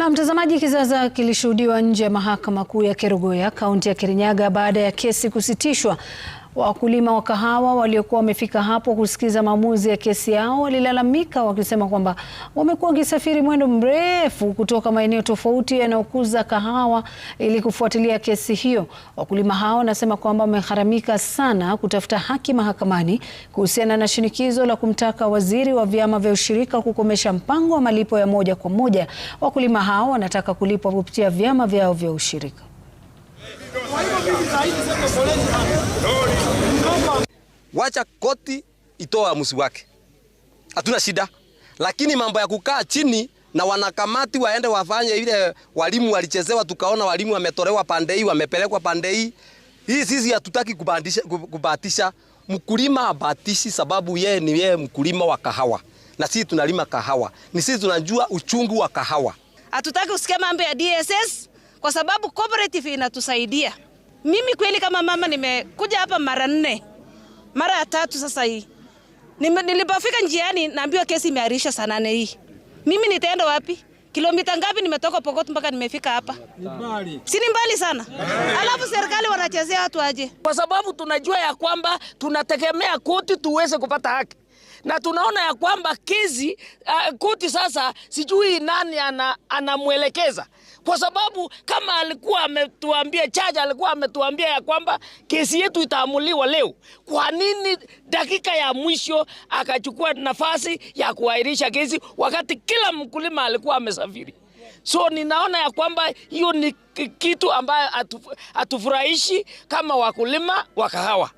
Na mtazamaji, kizaza kilishuhudiwa nje ya mahakama kuu ya Kerugoya kaunti ya Kirinyaga baada ya kesi kusitishwa Wakulima wa kahawa waliokuwa wamefika hapo kusikiza maamuzi ya kesi yao walilalamika wakisema kwamba wamekuwa wakisafiri mwendo mrefu kutoka maeneo tofauti yanayokuza kahawa ili kufuatilia kesi hiyo. Wakulima hao wanasema kwamba wamegharamika sana kutafuta haki mahakamani kuhusiana na shinikizo la kumtaka waziri wa vyama vya ushirika kukomesha mpango wa malipo ya moja kwa moja. Wakulima hao wanataka kulipwa kupitia vyama vyao vya ushirika wacha koti itoa uamuzi wake, hatuna shida, lakini mambo ya kukaa chini na wanakamati waende wafanye ile walimu walichezewa, tukaona walimu wametolewa pande hii, wamepelekwa pande hii. Hii sisi hatutaki kubahatisha, kubahatisha. Mkulima abatishi, sababu yeye ni yeye mkulima wa kahawa na sisi tunalima kahawa, ni sisi tunajua uchungu wa kahawa. Hatutaki usikia mambo ya DSS kwa sababu cooperative inatusaidia. Mimi kweli kama mama nimekuja hapa mara nne mara ya tatu sasa hii. Nilipofika njiani naambiwa kesi imeahirisha saa nane hii. Mimi nitaenda wapi? Kilomita ngapi nimetoka Pokot mpaka nimefika hapa? Si ni mbali sana. Alafu serikali wanachezea watu aje? Kwa sababu tunajua ya kwamba tunategemea koti tuweze kupata haki na tunaona ya kwamba kesi uh, ah, kuti sasa sijui nani ana, anamwelekeza kwa sababu kama alikuwa ametuambia chaja, alikuwa ametuambia ya kwamba kesi yetu itaamuliwa leo, kwa nini dakika ya mwisho akachukua nafasi ya kuahirisha kesi wakati kila mkulima alikuwa amesafiri? So ninaona ya kwamba hiyo ni kitu ambayo hatufurahishi kama wakulima wa kahawa.